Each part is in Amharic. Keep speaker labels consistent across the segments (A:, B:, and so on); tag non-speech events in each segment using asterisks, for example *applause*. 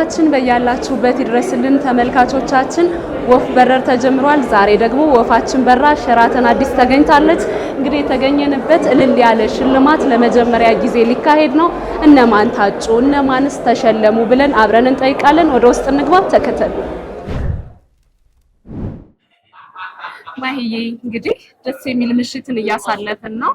A: ሰላምታችን በያላችሁበት ይድረስልን ተመልካቾቻችን። ወፍ በረር ተጀምሯል። ዛሬ ደግሞ ወፋችን በራ ሸራተን አዲስ ተገኝታለች። እንግዲህ የተገኘንበት እልል ያለ ሽልማት ለመጀመሪያ ጊዜ ሊካሄድ ነው። እነማን ታጩ፣ እነማንስ ተሸለሙ ብለን አብረን እንጠይቃለን። ወደ ውስጥ እንግባብ፣ ተከተሉ። ማህዬ እንግዲህ ደስ የሚል ምሽትን እያሳለፍን ነው።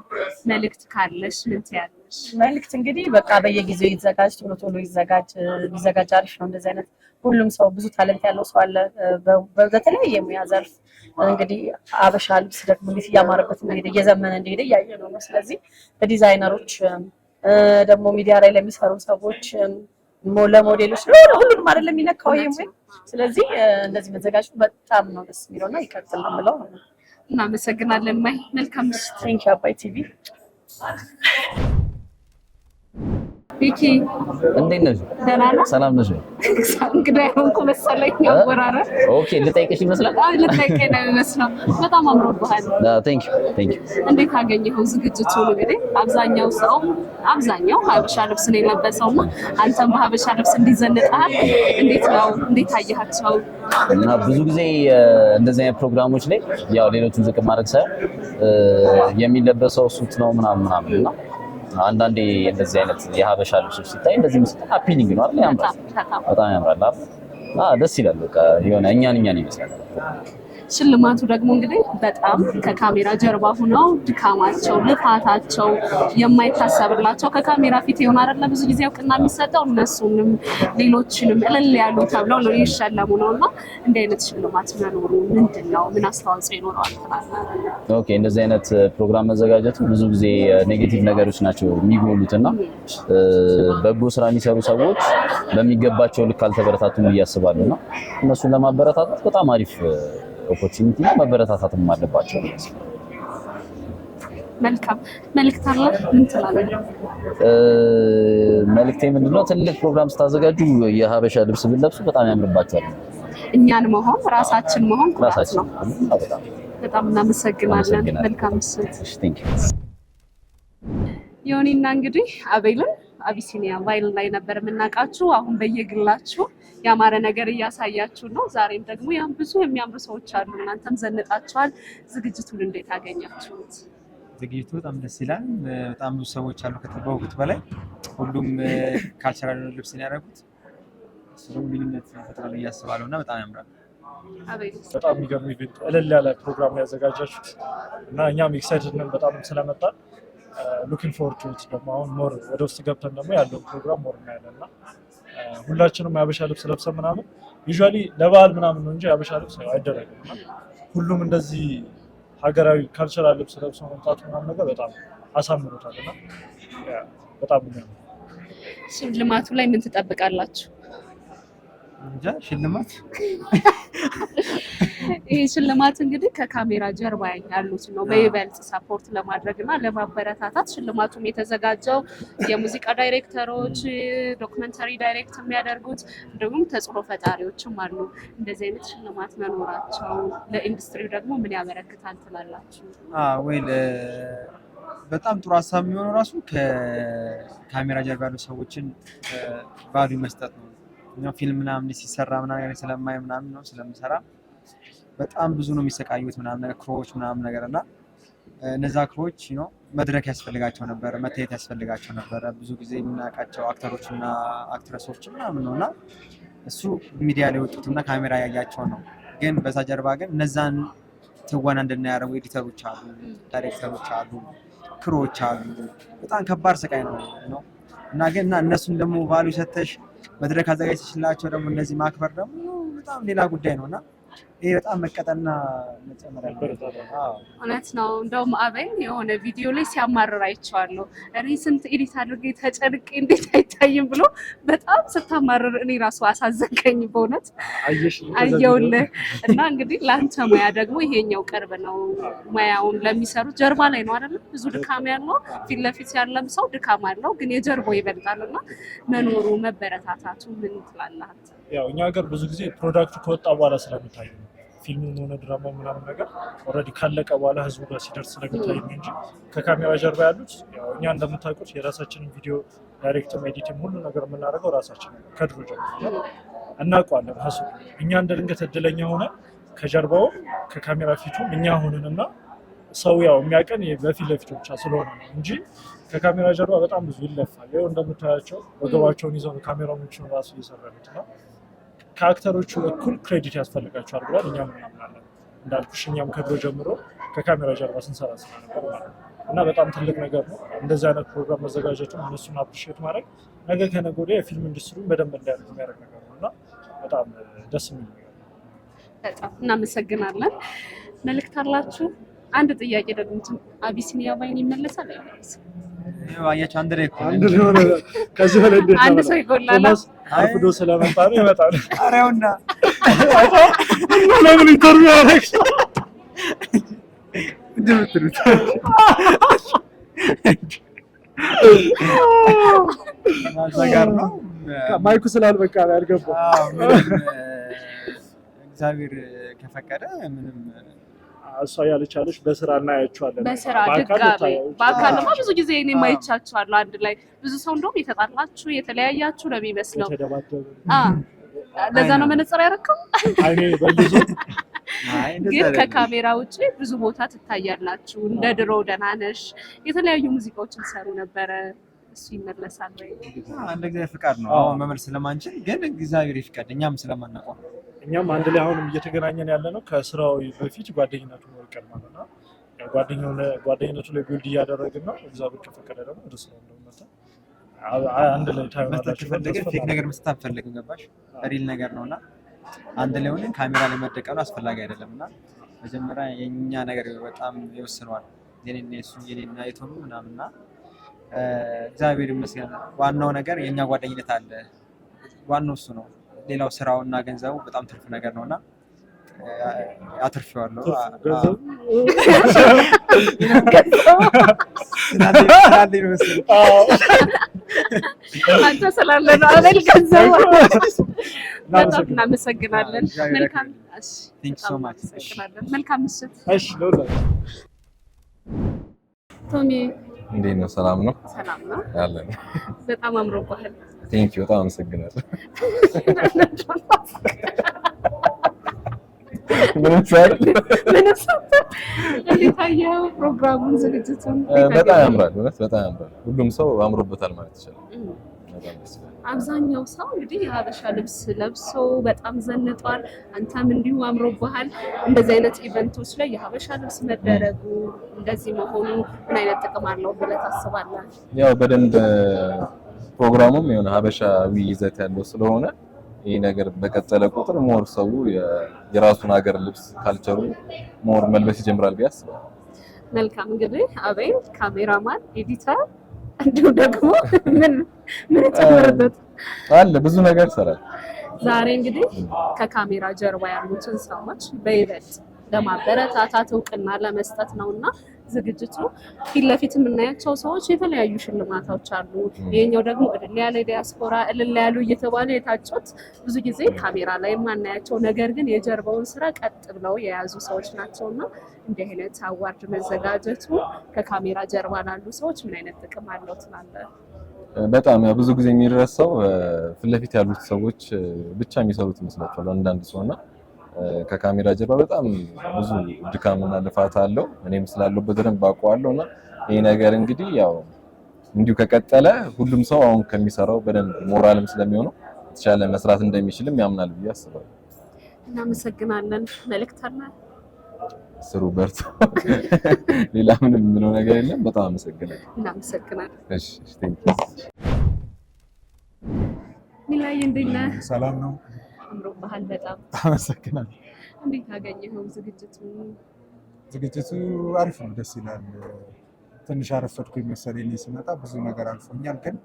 A: መልእክት ካለሽ ምን ትያለሽ?
B: መልክት እንግዲህ በቃ በየጊዜው ይዘጋጅ፣ ቶሎ ቶሎ ይዘጋጅ፣ ይዘጋጅ፣ አሪፍ ነው። እንደዚህ አይነት ሁሉም ሰው ብዙ ታለንት ያለው ሰው አለ በተለያየ ሙያ ዘርፍ። እንግዲህ አበሻ ልብስ ደግሞ እንዴት እያማረበት እንደሄደ እየዘመነ እንደሄደ እያየ ነው ነው። ስለዚህ ለዲዛይነሮች ደግሞ ሚዲያ ላይ ለሚሰሩ ሰዎች ለሞዴሎች ሁሉንም አይደለም የሚነካው ይሄ ሙያ። ስለዚህ እንደዚህ መዘጋጀቱ በጣም ነው ደስ ና ይቀጥል ነው የምለው።
A: እናመሰግናለን ማይ። መልካም
B: ምሽት። አባይ ቲቪ
A: ይቺ እንዴት ነሽ? ደህና ነሽ? ሰላም ነሽ? እንግዳ የሆንኩ መሰለኝ። አወራረ
C: ኦኬ፣ ልጠይቅሽ ይመስላል።
A: ነው በጣም አምሮብሃል።
C: ቴንክ ዩ ቴንክ ዩ።
A: እንዴት አገኘኸው ዝግጅቱን? እንግዲህ አብዛኛው ሰው አብዛኛው ሀበሻ ልብስ ነው የለበሰውና አንተም በሀበሻ ልብስ እንዲዘንጣል እንዴት ነው? እንዴት አየሃቸው?
C: እና ብዙ ጊዜ እንደዚህ አይነት ፕሮግራሞች ላይ ያው ሌሎቹን ዝቅ ማድረግ ሳይሆን የሚለበሰው ሱት ነው ምናምን ምናምን እና ማለት ነው። አንዳንዴ እንደዚህ አይነት የሀበሻ ልብሶች ሲታይ እንደዚህ ምስል አፒሊንግ ነው አይደል? ያምራል፣ በጣም ያምራል፣ ደስ ይላል። በቃ የሆነ እኛን እኛን ይመስላል።
A: ሽልማቱ ደግሞ እንግዲህ በጣም ከካሜራ ጀርባ ሁነው ድካማቸው፣ ልፋታቸው የማይታሰብላቸው ከካሜራ ፊት የሆነ አይደለ ብዙ ጊዜ እውቅና የሚሰጠው እነሱንም ሌሎችንም እልል ያሉ ተብለው ነው ይሸለሙ ነው እና እንዲህ አይነት ሽልማት መኖሩ ምንድን ነው? ምን አስተዋጽኦ ይኖረዋል?
C: ኦኬ እንደዚህ አይነት ፕሮግራም መዘጋጀቱ ብዙ ጊዜ ኔጌቲቭ ነገሮች ናቸው የሚጎሉት እና በጎ ስራ የሚሰሩ ሰዎች በሚገባቸው ልክ አልተበረታቱም እያስባሉ ነው። እነሱን ለማበረታታት በጣም አሪፍ ኦፖርቹኒቲ እና መበረታታትም አለባቸው።
A: መልካም ምን ትላለህ?
C: መልክቴ ምንድነው? ትልቅ ፕሮግራም ስታዘጋጁ የሀበሻ ልብስ ብንለብሱ በጣም ያምርባቸዋል።
A: እኛን መሆን ራሳችን መሆን ራሳችን ነው። በጣም እናመሰግናለን። መልካም ዮኒና እንግዲህ አበይልን አቢሲኒያ ቫይል ላይ ነበር የምናውቃችሁ። አሁን በየግላችሁ ያማረ ነገር እያሳያችሁ ነው። ዛሬም ደግሞ ያን ብዙ የሚያምሩ ሰዎች አሉ። እናንተም ዘንጣችኋል። ዝግጅቱን እንዴት አገኛችሁት?
C: ዝግጅቱ በጣም ደስ ይላል። በጣም ብዙ ሰዎች አሉ ከጠበቁት በላይ። ሁሉም ካልቸራል ልብስ ነው ያደረጉት። እሱም ግንኙነት ፈጥራል እያስባለሁ እና በጣም ያምራል።
D: በጣም የሚገርም እልል ያለ ፕሮግራም ያዘጋጃችሁት እና እኛም ኤክሳይትድ ነን በጣም ስለመጣል ሉኪንግ ፎር ቱት ደግሞ አሁን ሞር ወደ ውስጥ ገብተን ደግሞ ያለውን ፕሮግራም ሞር እናያለን እና uh, ሁላችንም የአበሻ ልብስ ለብሰን ምናምን ዩዥዋሊ ለበዓል ምናምን ነው እንጂ የአበሻ ልብስ አይደረግም እና ሁሉም እንደዚህ ሀገራዊ ካልቸራል ልብስ ለብሶ መምጣቱ ምናምን ነገር በጣም አሳምሮታል እና
A: በጣም ሽልማቱ ላይ ምን ትጠብቃላችሁ? ሽልማት *laughs* ይህ ሽልማት እንግዲህ ከካሜራ ጀርባ ያሉት ነው በይበልጥ ሰፖርት ለማድረግ እና ለማበረታታት ሽልማቱም የተዘጋጀው የሙዚቃ ዳይሬክተሮች፣ ዶክመንተሪ ዳይሬክት የሚያደርጉት እንዲሁም ተጽዕኖ ፈጣሪዎችም አሉ። እንደዚህ አይነት ሽልማት መኖራቸው ለኢንዱስትሪው ደግሞ ምን ያበረክታል ትላላችሁ?
C: ወይ በጣም ጥሩ ሀሳብ የሚሆነው ራሱ ከካሜራ ጀርባ ያሉ ሰዎችን ባሉ መስጠት ነው። ፊልም ምናምን ሲሰራ ምናምን ስለማይ ምናምን ነው ስለምሰራ በጣም ብዙ ነው የሚሰቃዩት ምናምን ነገር ክሮዎች ምናምን ነገር እና እነዛ ክሮዎች ነው መድረክ ያስፈልጋቸው ነበረ፣ መታየት ያስፈልጋቸው ነበረ። ብዙ ጊዜ የምናውቃቸው አክተሮች እና አክትረሶች ምናምን ነው እና እሱ ሚዲያ ላይ ወጡት እና ካሜራ ያያቸው ነው። ግን በዛ ጀርባ ግን እነዛን ትወና እንድናያረጉ ኤዲተሮች አሉ፣ ዳይሬክተሮች አሉ፣ ክሮዎች አሉ። በጣም ከባድ ስቃይ ነው እና ግን እና እነሱን ደግሞ ቫሉ ሰተሽ መድረክ አዘጋጅተሽላቸው ደግሞ እነዚህ ማክበር ደግሞ በጣም ሌላ ጉዳይ ነው እና ይህ በጣም መቀጠና መጨመር
A: እውነት ነው። እንደውም አበይ የሆነ ቪዲዮ ላይ ሲያማርር አይቼዋለሁ። እኔ ስንት ኤዲት አድርጌ ተጨንቄ እንዴት አይታይም ብሎ በጣም ስታማርር እኔ ራሱ አሳዘገኝ በእውነት አየውልህ። እና እንግዲህ ለአንተ ሙያ ደግሞ ይሄኛው ቅርብ ነው። ሙያውን ለሚሰሩት ጀርባ ላይ ነው አይደለም? ብዙ ድካም ያለው ፊት ለፊት ያለም ሰው ድካም አለው፣ ግን የጀርባው ይበልጣል እና መኖሩ መበረታታቱ ምን ትላለህ?
D: ያው እኛ ሀገር ብዙ ጊዜ ፕሮዳክቱ ከወጣ በኋላ ስለሚታይ ነው ፊልሙም ሆነ ድራማ ምናምን ነገር ኦልሬዲ ካለቀ በኋላ ህዝቡ ጋር ሲደርስ ስለሚታይ ነው እንጂ ከካሜራ ጀርባ ያሉት እኛ እንደምታውቁት የራሳችንን ቪዲዮ ዳይሬክትም ኤዲትም ሁሉ ነገር የምናደርገው ራሳችን ከድሮ ጀምሮ እናውቀዋለን። ሀሱ እኛ እንደ ድንገት እድለኛ ሆነ ከጀርባው ከካሜራ ፊቱም እኛ ሆንን እና ሰው ያው የሚያቀን በፊት ለፊት ብቻ ስለሆነ ነው እንጂ ከካሜራ ጀርባ በጣም ብዙ ይለፋል። ይኸው እንደምታያቸው ወገባቸውን ይዘው ካሜራዎችን ራሱ እየሰራ ነው። ከአክተሮቹ በኩል ክሬዲት ያስፈልጋቸዋል ብሏል። እኛም እናምናለን። እንዳልኩሽ እኛም ከድሮ ጀምሮ ከካሜራ ጀርባ ስንሰራ ስለነበር ማለት ነው እና በጣም ትልቅ ነገር ነው እንደዚህ አይነት ፕሮግራም መዘጋጀቱ፣ እነሱን አፕሪሼት ማድረግ ነገ ከነገ ወዲያ የፊልም ኢንዱስትሪውን በደንብ እንዳያደርግ የሚያደርግ ነገር ነው እና በጣም ደስ የሚል ነገር ነው።
A: በጣም እናመሰግናለን። መልእክት አላችሁ? አንድ ጥያቄ ደግሞ አቢሲኒያ ባይን ይመለሳል አይመለስም?
C: አያቸው አንድ ላይ
D: አንድ ሆነ። ከዚህ በላይ
A: አንድ ሰው ይጎላል።
C: አርፍዶ ስለመጣ ነው ይመጣል።
D: አሬውና ለምን ኢንተርቪው ያደረግሽ እንደምትሉት ማዛጋር ነው። ማይኩ ስላልበቃ ያልገባ
C: እግዚአብሔር ከፈቀደ ምንም
D: እሷ ያለቻለች በስራ እናያቸዋለን።
A: በስራ ድጋሚ በአካልማ ብዙ ጊዜ እኔ ማይቻቸዋለሁ። አንድ ላይ ብዙ ሰው እንደውም የተጣላችሁ የተለያያችሁ ነው የሚመስለው። ለዛ ነው መነጽር ያረከው። ግን ከካሜራ ውጭ ብዙ ቦታ ትታያላችሁ። እንደ ድሮ ደህና ነሽ። የተለያዩ ሙዚቃዎችን ሰሩ ነበረ። እሱ ይመለሳል ወይ?
C: አንድ እግዚአብሔር ፍቃድ ነው። አሁን መመለስ ስለማንችል ግን እግዚአብሔር ይፍቀድ እኛም ስለማናውቀው
D: እኛም አንድ ላይ አሁንም እየተገናኘን ያለ ነው። ከስራው በፊት ጓደኝነቱ ወርቀን ማለት ጓደኝነቱ ላይ ቢውልድ እያደረግን ነው። እግዚአብሔር ከፈቀደ ደግሞ ወደ ስራ እንደመጣ አንድ ላይ
C: ታይሆናለፈለገ ፌክ ነገር መስጠት አንፈልግም። ገባሽ? ሪል ነገር ነው እና አንድ ላይ ሆነን ካሜራ ላይ መደቀኑ አስፈላጊ አይደለም እና መጀመሪያ የእኛ ነገር በጣም ይወስነዋል። የኔና የሱ የኔና የቶኑ ምናምና እግዚአብሔር ይመስገን። ዋናው ነገር የእኛ ጓደኝነት አለ። ዋናው እሱ ነው። ሌላው ስራው እና ገንዘቡ በጣም ትርፍ ነገር ነውና አትርፌዋለሁ።
A: አንተ ስላለ ነው አበል ገንዘቡ። በጣም እናመሰግናለን። መልካም ምሽት። ቶሚ
C: እንዴት ነው? ሰላም ነው?
A: ሰላም ነው። በጣም ባህል
C: ቴንኪ በጣም አመሰግናለሁ። ዝግጅቱን በጣም ያምራል፣ በጣም ያምራል። ሁሉም ሰው አምሮበታል ማለት ይችላል።
A: አብዛኛው ሰው እንግዲህ የሀበሻ ልብስ ለብሶ በጣም ዘንጧል። አንተም እንዲሁ አምሮብሃል። እንደዚህ አይነት ኢቨንቶች ላይ የሀበሻ ልብስ መደረጉ እንደዚህ መሆኑ ምን አይነት ጥቅም አለው ብለህ ታስባለህ?
C: ያው በደንብ ፕሮግራሙም የሆነ ሀበሻዊ ይዘት ያለው ስለሆነ ይህ ነገር በቀጠለ ቁጥር ሞር ሰው የራሱን ሀገር ልብስ ካልቸሩ ሞር መልበስ ይጀምራል ብዬ አስባለሁ።
A: መልካም እንግዲህ አበይ ካሜራማን፣ ኤዲተር እንዲሁ ደግሞ ምን ምን
C: ጨምርበት አለ ብዙ ነገር ይሰራል።
A: ዛሬ እንግዲህ ከካሜራ ጀርባ ያሉትን ሰዎች በይበልጥ ለማበረታታት እውቅና ለመስጠት ነውና ዝግጅቱ ፊት ለፊት የምናያቸው ሰዎች የተለያዩ ሽልማቶች አሉ። ይህኛው ደግሞ እልል ያለ ዲያስፖራ እልል ያሉ እየተባሉ የታጩት ብዙ ጊዜ ካሜራ ላይ የማናያቸው ነገር ግን የጀርባውን ስራ ቀጥ ብለው የያዙ ሰዎች ናቸው እና እንዲህ አይነት አዋርድ መዘጋጀቱ ከካሜራ ጀርባ ላሉ ሰዎች ምን አይነት ጥቅም አለው ትላለህ?
C: በጣም ብዙ ጊዜ የሚረሳው ፊት ለፊት ያሉት ሰዎች ብቻ የሚሰሩት ይመስላቸዋል አንዳንድ ሰው እና ከካሜራ ጀርባ በጣም ብዙ ድካምና ልፋት አለው። እኔም ስላለው በደንብ አውቀዋለሁ እና ይህ ነገር እንግዲህ ያው እንዲሁ ከቀጠለ ሁሉም ሰው አሁን ከሚሰራው በደንብ ሞራልም ስለሚሆነው የተሻለ መስራት እንደሚችልም ያምናል ብዬ አስባለሁ።
A: እናመሰግናለን። መልእክት አለ?
C: ስሩ፣ በርቱ። *laughs* ሌላ ምንም የምለው ነገር የለም። በጣም አመሰግናለሁ።
A: እናመሰግናለን።
C: እሺ፣ ቴንክ ዩ።
A: ሚላይ፣ እንዴት ነህ? ሰላም ነው አምሮብሃል በጣም
C: አመሰግናለሁ።
A: እንዴት አገኘኸው ዝግጅቱ?
C: ዝግጅቱ አሪፍ ነው፣ ደስ ይላል። ትንሽ አረፈድኩኝ መሰለኝ እኔ ስመጣ ብዙ ነገር አልፎኛል፣ ግን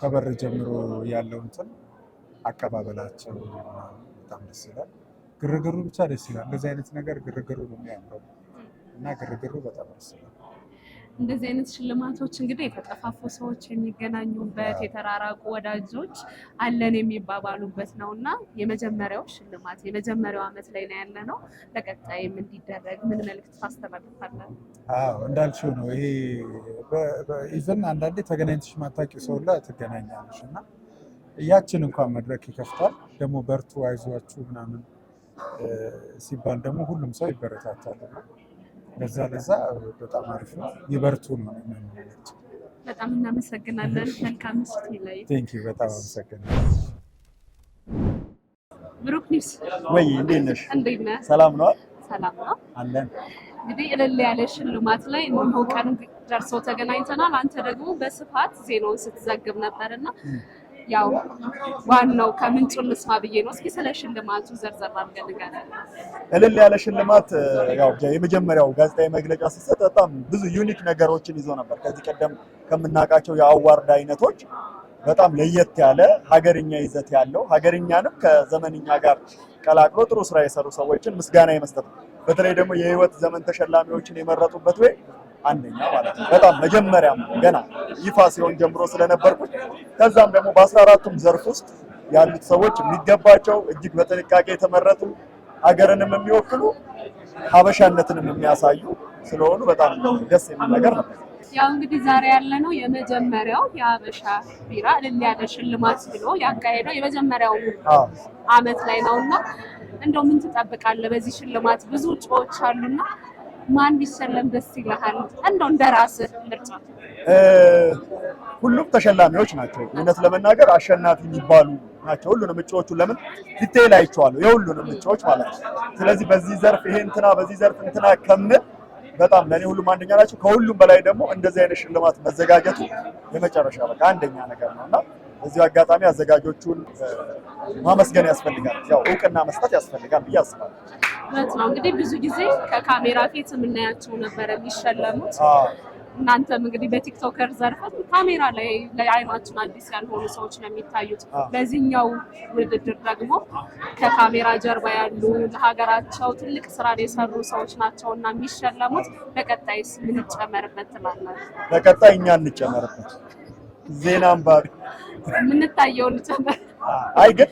C: ከበር ጀምሮ ያለው እንትን አቀባበላቸው በጣም ደስ ይላል። ግርግሩ ብቻ ደስ ይላል። እንደዚህ አይነት ነገር ግርግሩ ነው የሚያምረው እና ግርግሩ በጣም ደስ ይላል።
A: እንደዚህ አይነት ሽልማቶች እንግዲህ የተጠፋፉ ሰዎች የሚገናኙበት የተራራቁ ወዳጆች አለን የሚባባሉበት ነው እና የመጀመሪያው ሽልማት የመጀመሪያው ዓመት ላይ ነው ያለ ነው። ለቀጣይም እንዲደረግ ምን መልዕክት ታስተላልፋለን?
C: አዎ እንዳልሽው ነው ይሄ ኢቨን አንዳንዴ ተገናኝተሽ ማታውቂው ሰው ላ ትገናኛለሽ እና ያችን እንኳን መድረክ ይከፍታል። ደግሞ በርቱ አይዟችሁ ምናምን ሲባል ደግሞ ሁሉም ሰው ይበረታታል። ለዛ ለዛ በጣም አሪፍ ነው። ይበርቱ ነው።
A: በጣም እናመሰግናለን። መልካም ስቲ
C: ላይ በጣም አመሰግናለን። ብሩክ ኒውስ ወይ እንዴት ነሽ? እንዴት ነህ? ሰላም ነው። ሰላም ነው አለን።
A: እንግዲህ እልል ያለ ሽልማት ላይ ቀኑ ደርሰው ተገናኝተናል። አንተ ደግሞ በስፋት ዜናውን ስትዘግብ ነበርና ያው ዋናው ከምንጩ እንስማ ብዬ ነው። እስኪ ስለ ሽልማቱ ዘርዘር አድርገን
C: እልል ያለ ሽልማት ያው የመጀመሪያው ጋዜጣዊ መግለጫ ሲሰጥ በጣም ብዙ ዩኒክ ነገሮችን ይዞ ነበር። ከዚህ ቀደም ከምናውቃቸው የአዋርድ አይነቶች በጣም ለየት ያለ ሀገርኛ ይዘት ያለው ሀገርኛንም ከዘመንኛ ጋር ቀላቅሎ ጥሩ ስራ የሰሩ ሰዎችን ምስጋና የመስጠት በተለይ ደግሞ የህይወት ዘመን ተሸላሚዎችን የመረጡበት ወይ አንደኛ ማለት ነው። በጣም መጀመሪያም ገና ይፋ ሲሆን ጀምሮ ስለነበርኩት ከዛም ደግሞ በአስራ አራቱም ዘርፍ ውስጥ ያሉት ሰዎች የሚገባቸው እጅግ በጥንቃቄ የተመረጡ ሀገርንም የሚወክሉ ሀበሻነትንም የሚያሳዩ ስለሆኑ በጣም ደስ የሚል ነገር ነው።
A: ያው እንግዲህ ዛሬ ያለ ነው የመጀመሪያው የሀበሻ ቢራ እልል ያለ ሽልማት ብሎ ያካሄደው የመጀመሪያው አመት ላይ ነው እና እንደው ምን ትጠብቃለህ በዚህ ሽልማት? ብዙ እጩዎች አሉና ማን ቢሸለም ደስ ይልሃል? እንደው እንደ ራስህ ምርጫ።
C: ሁሉም ተሸላሚዎች ናቸው። እውነት ለመናገር አሸናፊ የሚባሉ ናቸው። ሁሉንም እጩዎቹ ለምን ዲቴይል አይቼዋለሁ፣ የሁሉንም እጩዎች ማለት ነው። ስለዚህ በዚህ ዘርፍ ይሄ እንትና፣ በዚህ ዘርፍ እንትና ከምል በጣም ለእኔ ሁሉም አንደኛ ናቸው። ከሁሉም በላይ ደግሞ እንደዚህ አይነት ሽልማት መዘጋጀቱ የመጨረሻ በቃ አንደኛ ነገር ነው እና እዚ አጋጣሚ አዘጋጆቹን ማመስገን ያስፈልጋል፣ ያው እውቅና መስጠት ያስፈልጋል ብዬ አስባለሁ።
A: እውነት ነው። እንግዲህ ብዙ ጊዜ ከካሜራ ፊት የምናያቸው ነበረ የሚሸለሙት። እናንተም እንግዲህ በቲክቶከር ዘርፍ ካሜራ ላይ ለአይናችን አዲስ ያልሆኑ ሰዎች ነው የሚታዩት። በዚህኛው ውድድር ደግሞ ከካሜራ ጀርባ ያሉ ለሀገራቸው ትልቅ ስራ የሰሩ ሰዎች ናቸው እና የሚሸለሙት። በቀጣይስ ምን ይጨመርበት
C: ትላላችሁ? በቀጣይ እኛ እንጨመርበት ዜና አንባቢ
A: የምንታየው ልጨምር።
C: አይ ግን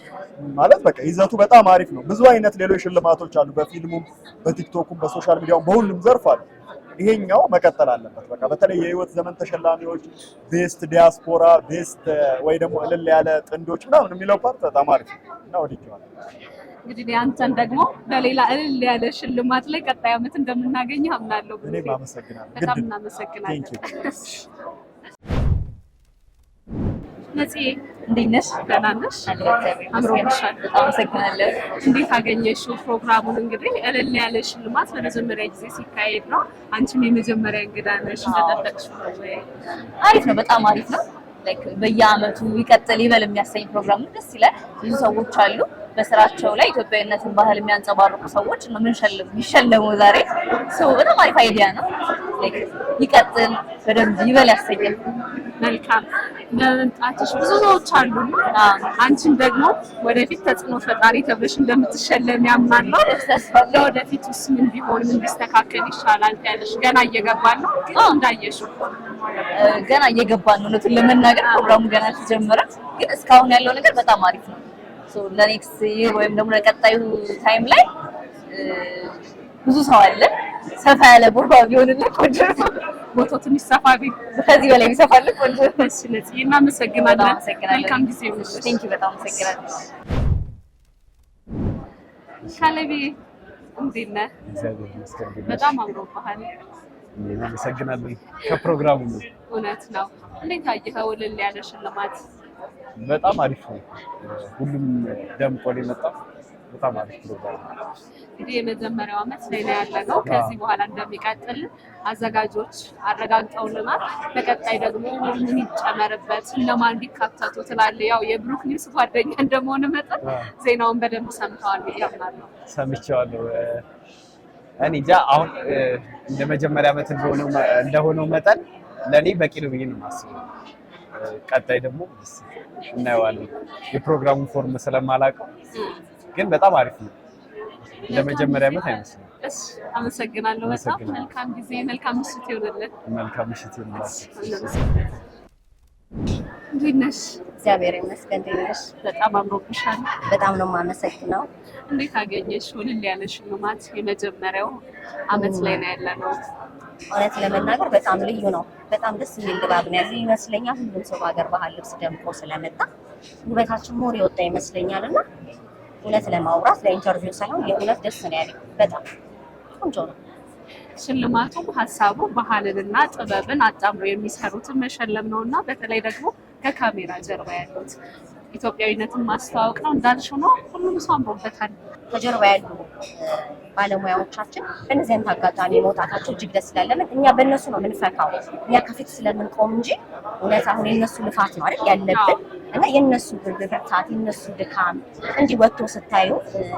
C: ማለት በቃ ይዘቱ በጣም አሪፍ ነው። ብዙ አይነት ሌሎች ሽልማቶች አሉ፣ በፊልሙም፣ በቲክቶኩም፣ በሶሻል ሚዲያውም በሁሉም ዘርፍ አሉ። ይሄኛው መቀጠል አለበት። በቃ በተለይ የህይወት ዘመን ተሸላሚዎች ቤስት ዲያስፖራ፣ ቤስት ወይ ደግሞ እልል ያለ ጥንዶች ምናምን የሚለው ፓርት በጣም አሪፍ ነው እና
A: ይችላል። እንግዲህ አንተን ደግሞ በሌላ እልል ያለ ሽልማት ላይ ቀጣይ ዓመት እንደምናገኝ አምናለሁ።
C: እኔም አመሰግናለሁ።
A: በጣም እናመሰግናለን።
C: *laughs*
A: ነፂዬ እንዴት ነሽ? ደህና ነሽ? አምሮብሻል። አመሰግናለሁ። እንዴት አገኘሽው ፕሮግራሙን? እንግዲህ እልል ያለ ሽልማት በመጀመሪያ ጊዜ ሲካሄድ ነው። አንቺም የመጀመሪያ እንግዳ ነሽ። እንደጠበቅሽው አሪፍ ነው። በጣም አሪፍ ነው። በየአመቱ ይቀጥል ይበል የሚያሰኝ ፕሮግራሙ ደስ ይላል። ብዙ ሰዎች አሉ በስራቸው ላይ ኢትዮጵያዊነትን ባህል የሚያንጸባርቁ ሰዎች ነው የሚሸለሙ ዛሬ። በጣም አሪፍ አይዲያ ነው። ይቀጥል በደንብ ይበል ያሰኛል። መልካም በመምጣትሽ ብዙ ሰዎች አሉ። አንቺም ደግሞ ወደፊት ተጽዕኖ ፈጣሪ ተብለሽ እንደምትሸለም ያምናለው። ለወደፊት ውስጥ ምን ቢሆን ምን ቢስተካከል ይሻላል ያለሽ ገና እየገባ ነው እንዳየሽ ገና እየገባ ነው። እውነቱን ለመናገር ፕሮግራሙ ገና ተጀመረ፣ ግን እስካሁን ያለው ነገር በጣም አሪፍ ነው። ሶ ለኔክስት ወይም ደግሞ ለቀጣዩ ታይም ላይ ብዙ ሰው አለ። ሰፋ ያለ ቦታ ቢሆንልህ ቆንጆ ነው። ቦታው ትንሽ ሰፋ ቢል ከዚህ በላይ ቢሰፋልህ ቆንጆ ነው። እሺ ነፂ፣ እናመሰግናለን። መልካም ጊዜ ይሁንልሽ።
C: ቴንኪው፣ በጣም አመሰግናለሁ።
A: ካለቢ እንዴት ነህ? በጣም አምሮብሃል።
C: እናመሰግናለን። ከፕሮግራሙ ነው።
A: እውነት ነው። እንዴት አየኸው? እልል ያለ ሽልማት
C: በጣም አሪፍ ነው። ሁሉም ደምቆ ነው የመጣው በጣም አሪፍ
A: ፕሮግራም ነው። እንግዲህ የመጀመሪያው አመት ላይ ነው ከዚህ በኋላ እንደሚቀጥል አዘጋጆች አረጋግጠውልናል። በቀጣይ ደግሞ ምን ይጨመርበት፣ እነማን እንዲካተቱ ትላል። ያው የብሩክ ኒውስ ጓደኛ እንደመሆን መጠን ዜናውን በደንብ ሰምተዋል
C: ብዬ ሰምቼዋለሁ። እኔ እንጃ አሁን እንደ መጀመሪያ ዓመት እንደሆነው መጠን ለእኔ በቂ ነው ብዬ ነው የማስበው። ቀጣይ ደግሞ እናየዋለን። የፕሮግራሙን ፎርም ስለማላውቀው ግን በጣም አሪፍ ነው። ለመጀመሪያ ዓመት አይመስልም።
A: እሺ፣ አመሰግናለሁ። በጣም መልካም ጊዜ፣ መልካም ምሽት ይሆንልን።
C: መልካም ምሽት ይሆንልን።
A: እንዴት ነሽ? እግዚአብሔር ይመስገን። እንዴት ነሽ? በጣም አምሮብሻል። በጣም ነው የማመሰግነው። እንዴት አገኘሽ? ሁሉን ያለ ሽልማት የመጀመሪያው አመት ላይ ነው ያለነው። እውነት ለመናገር በጣም ልዩ ነው። በጣም ደስ የሚል ድባብ ነው ያለው ይመስለኛል። ሁሉም ሰው በሀገር ባህል ልብስ ደምቆ ስለመጣ ውበታችን ሞር የወጣ ይመስለኛል እና እውነት ለማውራት ለኢንተርቪው ሳይሆን የእውነት ደስ ነው ያለኝ። በጣም ቆንጆ ነው። ሽልማቱ ሀሳቡ ባህልንና ጥበብን አጣምሮ የሚሰሩትን መሸለም ነው እና በተለይ ደግሞ ከካሜራ ጀርባ ያሉት ኢትዮጵያዊነትን ማስተዋወቅ ነው እንዳልሽው ነው። ሁሉም ሰው አምሮበታል። ከጀርባ ያሉ ባለሙያዎቻችን በእነዚህን አጋጣሚ መውጣታቸው እጅግ ደስ ይላል። ለምን እኛ በእነሱ ነው የምንፈካው፣ እኛ ከፊት ስለምንቆም እንጂ እውነት አሁን የእነሱ ልፋት ነው አይደል ያለብን እና የእነሱ ብርታት የእነሱ ድካም እንዲህ ወጥቶ ስታዩ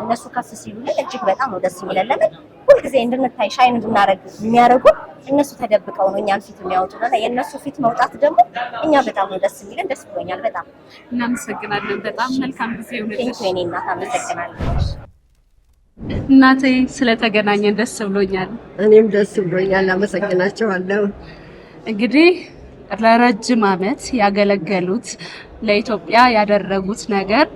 A: እነሱ ከፍ ሲሉልን እጅግ በጣም ነው ደስ የሚለን። ለምን ሁልጊዜ እንድንታይ ሻይን እንድናረግ የሚያደርጉ እነሱ ተደብቀው ነው እኛን ፊት የሚያወጡ የሚያወጡና የእነሱ ፊት መውጣት ደግሞ እኛ በጣም ነው ደስ የሚለን። ደስ ብሎኛል በጣም እናመሰግናለን። በጣም መልካም ጊዜ ሆነ። እናት አመሰግናለን። እናቴ ስለተገናኘን ደስ ብሎኛል።
B: እኔም ደስ ብሎኛል። አመሰግናቸዋለሁ።
A: እንግዲህ ለረጅም ዓመት ያገለገሉት ለኢትዮጵያ ያደረጉት ነገር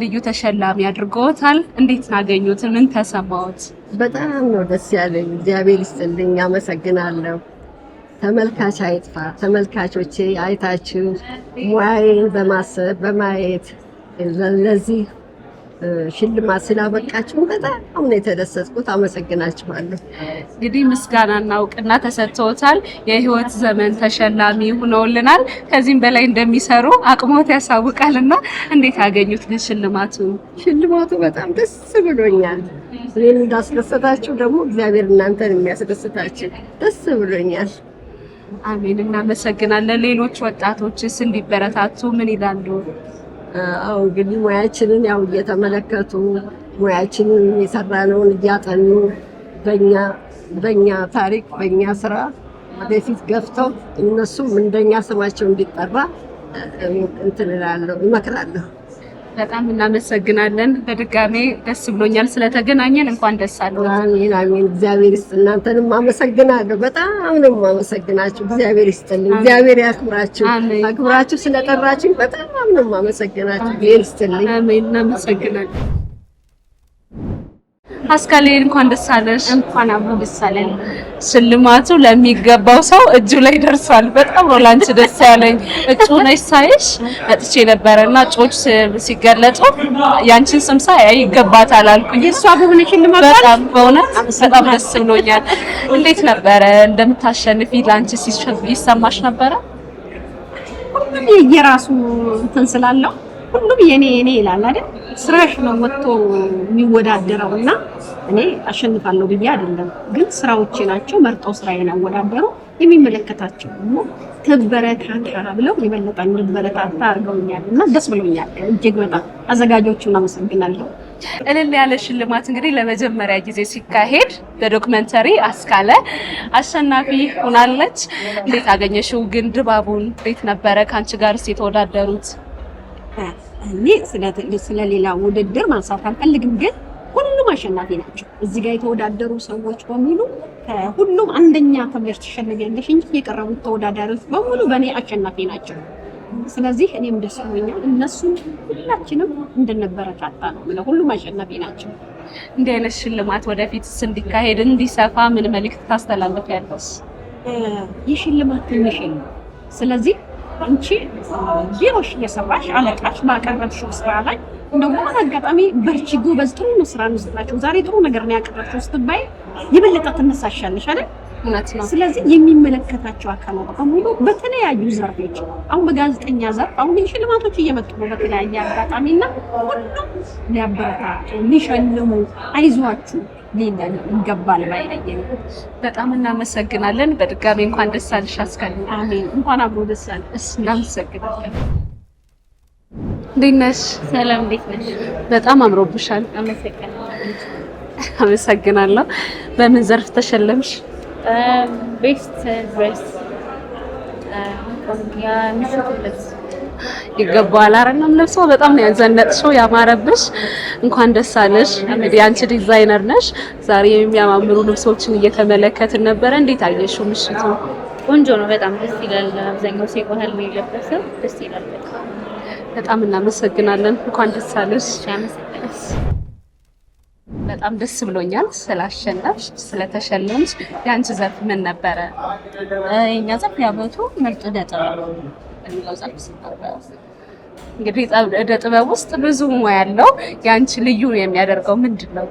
A: ልዩ ተሸላሚ አድርገዎታል። እንዴት ናገኙት? ምን ተሰማዎት?
B: በጣም ነው ደስ ያለኝ። እግዚአብሔር ይስጥልኝ። አመሰግናለሁ። ተመልካች አይጥፋ። ተመልካቾቼ አይታችሁ ሙያዬን በማሰብ በማየት ለዚህ ሽልማት ስላበቃችሁ በጣም ነው የተደሰጥኩት። አመሰግናችኋለሁ።
A: እንግዲህ ምስጋና እውቅና ተሰጥቶታል። የህይወት ዘመን ተሸላሚ ሆነውልናል። ከዚህም በላይ እንደሚሰሩ አቅሞት ያሳውቃልና እንዴት ያገኙት ግን ሽልማቱ?
B: ሽልማቱ በጣም ደስ ብሎኛል። እኔን እንዳስደሰታችሁ ደግሞ እግዚአብሔር እናንተን የሚያስደስታችሁ ደስ ብሎኛል።
A: አሜን። እናመሰግናለን። ሌሎች ወጣቶችስ እንዲበረታቱ ምን ይላሉ?
B: አሁ እንግዲህ ሙያችንን ያው እየተመለከቱ ሙያችንን የሰራነውን እያጠኑ በኛ በኛ ታሪክ በኛ ስራ ወደፊት ገፍተው እነሱም እንደኛ ስማቸው እንዲጠራ እንትን እላለሁ እመክራለሁ።
A: በጣም እናመሰግናለን። በድጋሜ ደስ ብሎኛል ስለተገናኘን። እንኳን ደስ አለ።
B: አሜን አሜን። እግዚአብሔር ይስጥ። እናንተንም አመሰግናለሁ። በጣም ነው የማመሰግናችሁ። እግዚአብሔር ይስጥልኝ። እግዚአብሔር ያክብራችሁ። አክብራችሁ ስለጠራችሁ በጣም ነው የማመሰግናችሁ።
A: ይስጥልኝ። አሜን። እናመሰግናለን። አስካሌ እንኳን ደስ አለሽ። እንኳን አብሮ ደስ አለን። ሽልማቱ ለሚገባው ሰው እጁ ላይ ደርሷል። በጣም ነው ላንቺ ደስ ያለኝ። እጩ ነሽ ሳይሽ መጥቼ ነበረና እጩዎች ሲገለጹ ያንቺን ስም ሳይ ይገባታል አልኩኝ። እሷ በሆነ ሽልማት በጣም በእውነት በጣም ደስ ብሎኛል። እንዴት ነበረ እንደምታሸንፊ ላንቺ ሲሰማሽ ነበረ? ሁሉም የራሱ እንትን ስላለው ሁሉም የኔ የኔ ይላል አይደል? ስራሽ ነው ወጥቶ የሚወዳደረው እና እኔ አሸንፋለሁ ብዬ አይደለም፣ ግን ስራዎቼ ናቸው መርጠው ስራዬን አወዳደሩ። የሚመለከታቸው ደግሞ ትበረታታ ብለው የበለጠ እንድበረታታ አድርገውኛል እና ደስ ብሎኛል እጅግ በጣም አዘጋጆቹን አመሰግናለሁ። እልል ያለ ሽልማት እንግዲህ ለመጀመሪያ ጊዜ ሲካሄድ በዶክመንተሪ አስካለ አሸናፊ ሆናለች። እንዴት አገኘሽው? ግን ድባቡን እንዴት ነበረ? ከአንቺ ጋር የተወዳደሩት እኔ ስለሌላ ውድድር ማንሳት አልፈልግም፣ ግን ሁሉም አሸናፊ ናቸው። እዚህ ጋር የተወዳደሩ ሰዎች በሙሉ ሁሉም አንደኛ ተብለሽ ትሸልጊያለሽ እንጂ የቀረቡት ተወዳዳሪዎች በሙሉ በእኔ አሸናፊ ናቸው። ስለዚህ እኔም ደስ ብሎኛል። እነሱም ሁላችንም እንድንበረታታ ነው ብለው ሁሉም አሸናፊ ናቸው። እንዲህ አይነት ሽልማት ወደፊት እንዲካሄድ እንዲሰፋ ምን መልዕክት ታስተላልፊያለሽ? የሽልማት ትንሽ ነው። ስለዚህ አንቺ ቢሮሽ እየሰራሽ አለቃሽ ባቀረብሽው ስራ ላይ እንደው አጋጣሚ በርቺ፣ ጎበዝ፣ ጥሩ ነው ስራ ነው እንስጣቸው፣ ዛሬ ጥሩ ነገር ነው ያቀረብሽው ስትባይ የበለጠ ትነሳሻለሽ አይደል? ስለዚህ የሚመለከታቸው አካላት በሙሉ በተለያዩ ዘርፎች አሁን በጋዜጠኛ ዘርፍ አሁን ግን ሽልማቶች እየመጡ ነው በተለያየ አጋጣሚ እና ሁሉም ሊያበረታቸው ሊሸልሙ አይዟችሁ ይገባል ባይለየ በጣም እናመሰግናለን። በድጋሚ እንኳን ደስ አለሽ አስካል። አሜን። እንኳን አብሮ ደስ አለሽ። እናመሰግናለን። እንዴት ነሽ? ሰላም። እንዴት ነሽ? በጣም አምሮብሻል። አመሰግናለሁ። በምን ዘርፍ ተሸለምሽ? ቤስት ድሬስ የምሽቱ ልብስ ይገባዋል። አረናም ለብሶ በጣም ነው ያዘነጥሽው፣ ያማረብሽ። እንኳን ደስ አለሽ። እንግዲህ አንቺ ዲዛይነር ነሽ። ዛሬ የሚያማምሩ ልብሶችን እየተመለከትን ነበረ። እንዴት አየሽው ምሽቱ? ቆንጆ ነው። በጣም ደስ ይላል። አብዛኛው ሴት ሴቆናል ነው የለበሰው። ደስ ይላል። በጣም እናመሰግናለን። እንኳን ደስ አለሽ። በጣም ደስ ብሎኛል ስላሸነፍሽ፣ ስለተሸለምሽ። የአንቺ ዘርፍ ምን ነበረ? የኛ ዘርፍ ያበቱ ምርጥ ዕደ ጥበብ የሚለው ዘርፍ ነበረ። እንግዲህ ዕደ ጥበብ ውስጥ ብዙ ሙያ ያለው፣ የአንቺ ልዩ የሚያደርገው ምንድን ነው?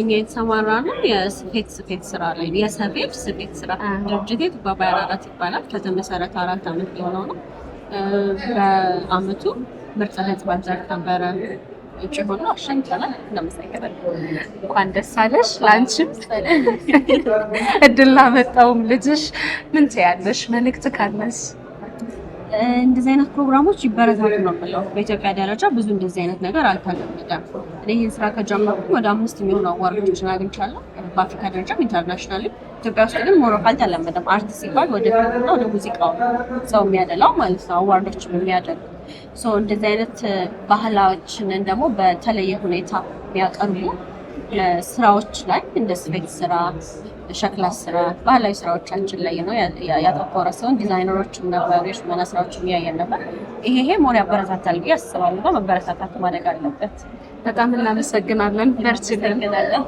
A: እኛ የተሰማራ ነው የስፌት ስፌት ስራ ላይ የሰፌት ስፌት ስራ ድርጅቴ በባይ አራት ይባላል። ከተመሰረተ አራት አመት የሆነው ነው። በአመቱ ምርጥ ዕደ ጥበብ ዘርፍ ነበረ። ውጭ ሆኖ አሸንተናል። እናመሰግናለን። እንኳን ደስ አለሽ። ለአንቺም እድል ላመጣውም ልጅሽ ምን ትያለሽ? መልእክት ካለሽ እንደዚህ አይነት ፕሮግራሞች ይበረታቱ ነው የምለው። በኢትዮጵያ ደረጃ ብዙ እንደዚህ አይነት ነገር አልተለመደም። እኔ ይህን ስራ ከጀመርኩ ወደ አምስት የሚሆኑ አዋርዶችን አግኝቻለሁ። በአፍሪካ ደረጃም ኢንተርናሽናል፣ ኢትዮጵያ ውስጥ ግን ሞሮክ አልተለመደም። አርት ሲባል ወደ ፊልምና ወደ ሙዚቃው ሰው የሚያደላው ማለት ነው አዋርዶች የሚያደርግ እንደዚህ አይነት ባህላችንን ደግሞ በተለየ ሁኔታ የሚያቀርቡ ስራዎች ላይ እንደ ስፌት ስራ፣ ሸክላ ስራ ባህላዊ ስራዎቻችን ላይ ነው ያተኮረ ሲሆን ዲዛይነሮችም ነበሩ፣ የሽመና ስራዎች እያየን ነበር። ይሄ ይሄ መሆን ያበረታታል ብዬ አስባለሁ። መበረታታት ማደግ አለበት። በጣም እናመሰግናለን። በርችልናለን።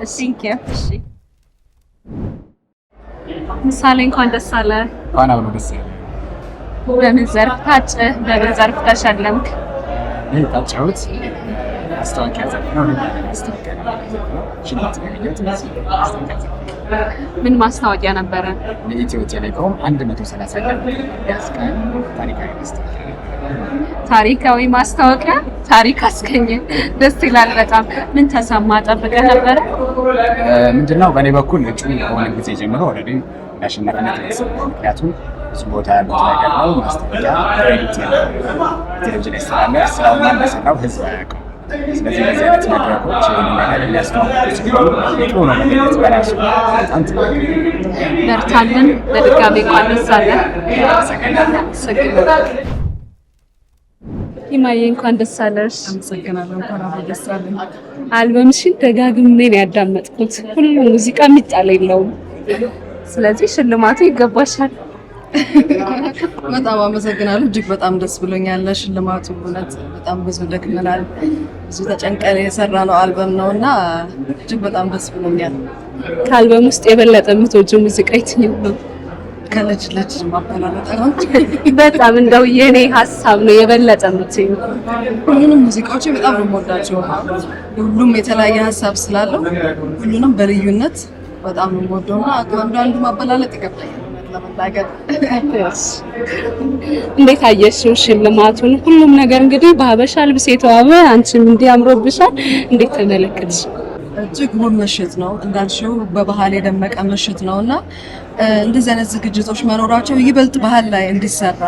A: ምሳሌ እንኳን ደስ አለ። እንኳን አብሮ ደስ ያለ በምን ዘርፍ ታጭህ? በምን ዘርፍ ተሸለምክ? የታጨሁት ምን ማስታወቂያ ነበረ? ለኢትዮ ቴሌኮም 130 ያስቀን ታሪካዊ ማስታወቂያ ታሪክ አስገኘ። ደስ ይላል በጣም። ምን ተሰማ? ጠብቀ ነበረ? ምንድነው በእኔ በኩል እጩ ከሆነ ጊዜ ጀምሮ ወደ አሸናፊነት ምክንያቱም ብዙ ቦታ ያሉት ነገር ነው። ማስታወቂያ ክሬዲት የቴሌቪዥን አስተዳደር ስራውን እንደሰራው ህዝብ አያውቅም። ስለዚህ በዚህ አይነት መድረኮች ይህን ነገር ጥሩ ነው መገኘት በራሱ በጣም ት በርታልን። በድጋሚ ቋንሳለን እንኳን ደስ አለሽ። አመሰግናለሁ። እንኳን አብሮ ደስ አለኝ። አልበምሽን ደጋግሜ ነው ያዳመጥኩት። ሁሉ ሙዚቃ የሚጣል የለውም። ስለዚህ ሽልማቱ ይገባሻል። በጣም አመሰግናለሁ። እጅግ በጣም ደስ ብሎኛል። ሽልማቱ እውነት በጣም ብዙ ደክመናል፣ ብዙ ተጨንቀን የሰራ ነው አልበም ነው እና እጅግ በጣም ደስ ብሎኛል። ከአልበም ውስጥ የበለጠ የምትወጂው ሙዚቃ የትኛው ነው? ከልጅ ልጅ ማበላለጥ በጣም እንደው የኔ ሀሳብ ነው የበለጠ ምት ሁሉንም ሙዚቃዎች በጣም ነው የምወዳቸው። ሁሉም የተለያየ ሀሳብ ስላለው ሁሉንም በልዩነት በጣም ነው የምወደውና ከአንዱ አንዱ ማበላለጥ ይከብዳል። እንዴት አየሽው ሽልማቱን? ሁሉም ነገር እንግዲህ በሀበሻ ልብስ የተዋበ አንቺም እንዲህ አምሮብሻል። እንዴት ተመለከትሽ? እጅግ ውብ ምሽት ነው እንዳልሽው፣ በባህል የደመቀ ምሽት ነው እና እንደዚህ አይነት ዝግጅቶች መኖራቸው ይበልጥ ባህል ላይ እንዲሰራ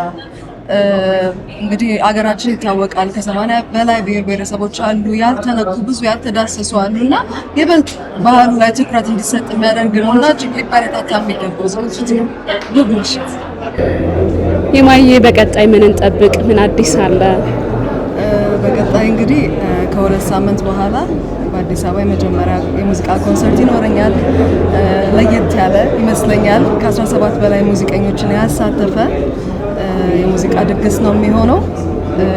A: እንግዲህ አገራችን ይታወቃል ከሰማንያ በላይ ብሔር ብሔረሰቦች አሉ። ያልተነኩ ብዙ ያልተዳሰሱ አሉ እና ይበልጥ ባህሉ ላይ ትኩረት እንዲሰጥ የሚያደርግ ነው እና እጅግ ሊበረታታ የሚገቡ ሰዎች የማዬ በቀጣይ ምን እንጠብቅ? ምን አዲስ አለ? በቀጣይ እንግዲህ ከሁለት ሳምንት በኋላ በአዲስ አበባ የመጀመሪያ የሙዚቃ ኮንሰርት ይኖረኛል። ለየት ያለ ይመስለኛል። ከ17 በላይ ሙዚቀኞችን ያሳተፈ የሙዚቃ ድግስ ነው የሚሆነው።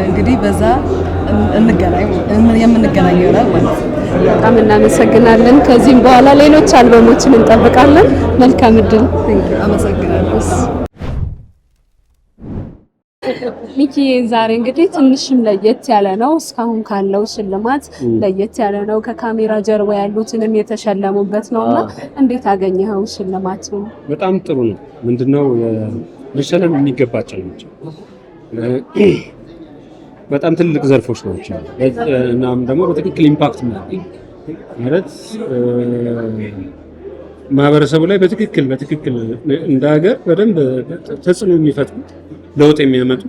A: እንግዲህ በዛ የምንገናኝ ይሆናል ማለት ነው። በጣም እናመሰግናለን። ከዚህም በኋላ ሌሎች አልበሞችን እንጠብቃለን። መልካም እድል። አመሰግናለሁ። ሚኪ ዛሬ እንግዲህ ትንሽም ለየት ያለ ነው፣ እስካሁን ካለው ሽልማት ለየት ያለ ነው። ከካሜራ ጀርባ ያሉትንም የተሸለሙበት ነው እና እንዴት አገኘኸው ሽልማቱን? በጣም ጥሩ ነው። ምንድነው መሸለም የሚገባቸው ናቸው። *clears throat* በጣም ትልቅ ዘርፎች ናቸው። እናም ደግሞ በትክክል ኢምፓክት ማለት ማህበረሰቡ ላይ በትክክል በትክክል እንደ ሀገር በደንብ ተጽዕኖ የሚፈጥሩ ለውጥ የሚያመጡ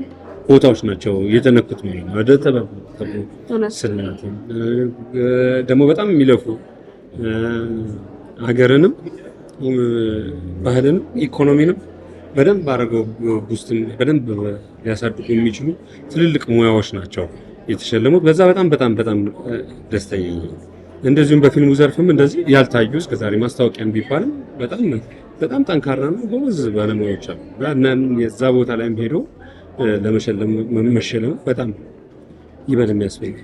A: ቦታዎች ናቸው እየተነኩት ነው። ወደ ጥበብ ደግሞ በጣም የሚለፉ ሀገርንም ባህልንም ኢኮኖሚንም በደንብ አድርገው ቡስትን በደንብ ሊያሳድጉ የሚችሉ ትልልቅ ሙያዎች ናቸው የተሸለሙት። በዛ በጣም በጣም በጣም ደስተኛ ነኝ። እንደዚሁም በፊልሙ ዘርፍም እንደዚህ ያልታዩ እስከዛሬ ማስታወቂያም ቢባልም በጣም በጣም ጠንካራ ነው፣ ጎበዝ ባለሙያዎች አሉ። የዛ ቦታ ላይም ሄዶ ለመሸለም በጣም ይበል የሚያስፈልግ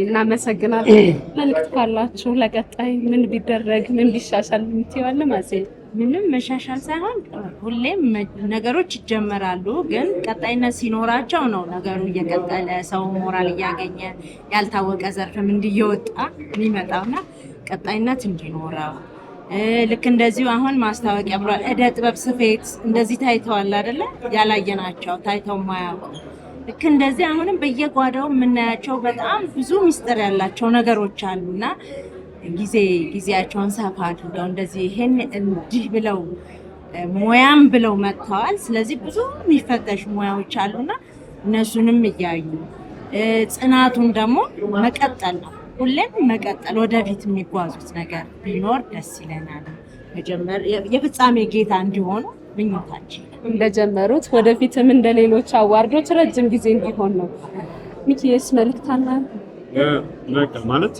A: እናመሰግናለን። መልዕክት ካላችሁ ለቀጣይ ምን ቢደረግ ምን ቢሻሻል የምትይዋለ ማዜ ምንም መሻሻል ሳይሆን ሁሌም ነገሮች ይጀመራሉ፣ ግን ቀጣይነት ሲኖራቸው ነው ነገሩ እየቀጠለ ሰው ሞራል እያገኘ ያልታወቀ ዘርፍም እንዲየወጣ የሚመጣውና ቀጣይነት እንዲኖረው ልክ እንደዚሁ አሁን ማስታወቂያ ብሏል። እደ ጥበብ ስፌት እንደዚህ ታይተዋል አይደለ? ያላየናቸው ታይተው ማያውቁ ልክ እንደዚህ አሁንም በየጓዳው የምናያቸው በጣም ብዙ ምስጢር ያላቸው ነገሮች አሉና ጊዜ ጊዜያቸውን ሰፋ አድርገው እንደዚህ ይሄን እንዲህ ብለው ሙያም ብለው መጥተዋል። ስለዚህ ብዙ የሚፈተሽ ሙያዎች አሉና እነሱንም እያዩ ጽናቱን ደግሞ መቀጠል ነው። ሁሌም መቀጠል ወደፊት የሚጓዙት ነገር ቢኖር ደስ ይለናል። መጀመር የፍጻሜ ጌታ እንዲሆኑ ምኞታችን እንደጀመሩት ወደፊትም እንደ ሌሎች አዋርዶች ረጅም ጊዜ እንዲሆን ነው። ሚኪስ መልክታና ማለት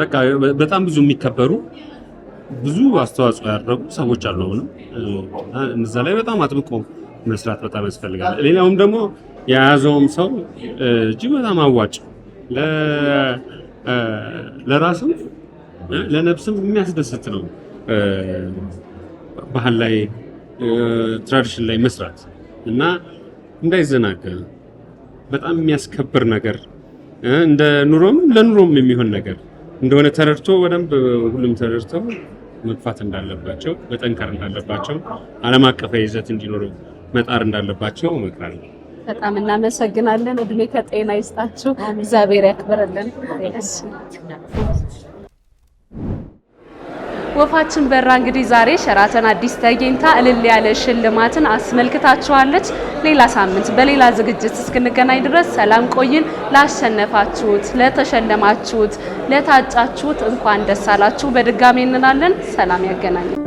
A: በቃ በጣም ብዙ የሚከበሩ ብዙ አስተዋጽኦ ያደረጉ ሰዎች አሉ። አሁንም እዛ ላይ በጣም አጥብቆ መስራት በጣም ያስፈልጋል። ሌላውም ደግሞ የያዘውም ሰው እጅግ በጣም አዋጭ ለራስም ለነፍስም የሚያስደስት ነው። ባህል ላይ ትራዲሽን ላይ መስራት እና እንዳይዘናገል በጣም የሚያስከብር ነገር እንደ ኑሮም ለኑሮም የሚሆን ነገር እንደሆነ ተረድቶ በደንብ ሁሉም ተረድተው መግፋት እንዳለባቸው መጠንከር እንዳለባቸው ዓለም አቀፋዊ ይዘት እንዲኖር መጣር እንዳለባቸው እመክራለሁ። በጣም እናመሰግናለን። እድሜ ከጤና ይስጣችሁ፣ እግዚአብሔር ያክብርልን። ወፋችን በራ እንግዲህ ዛሬ ሸራተን አዲስ ተገኝታ እልል ያለ ሽልማትን አስመልክታችኋለች። ሌላ ሳምንት በሌላ ዝግጅት እስክንገናኝ ድረስ ሰላም ቆይን። ላሸነፋችሁት፣ ለተሸለማችሁት፣ ለታጫችሁት እንኳን ደስ አላችሁ በድጋሚ እንላለን። ሰላም ያገናኘን።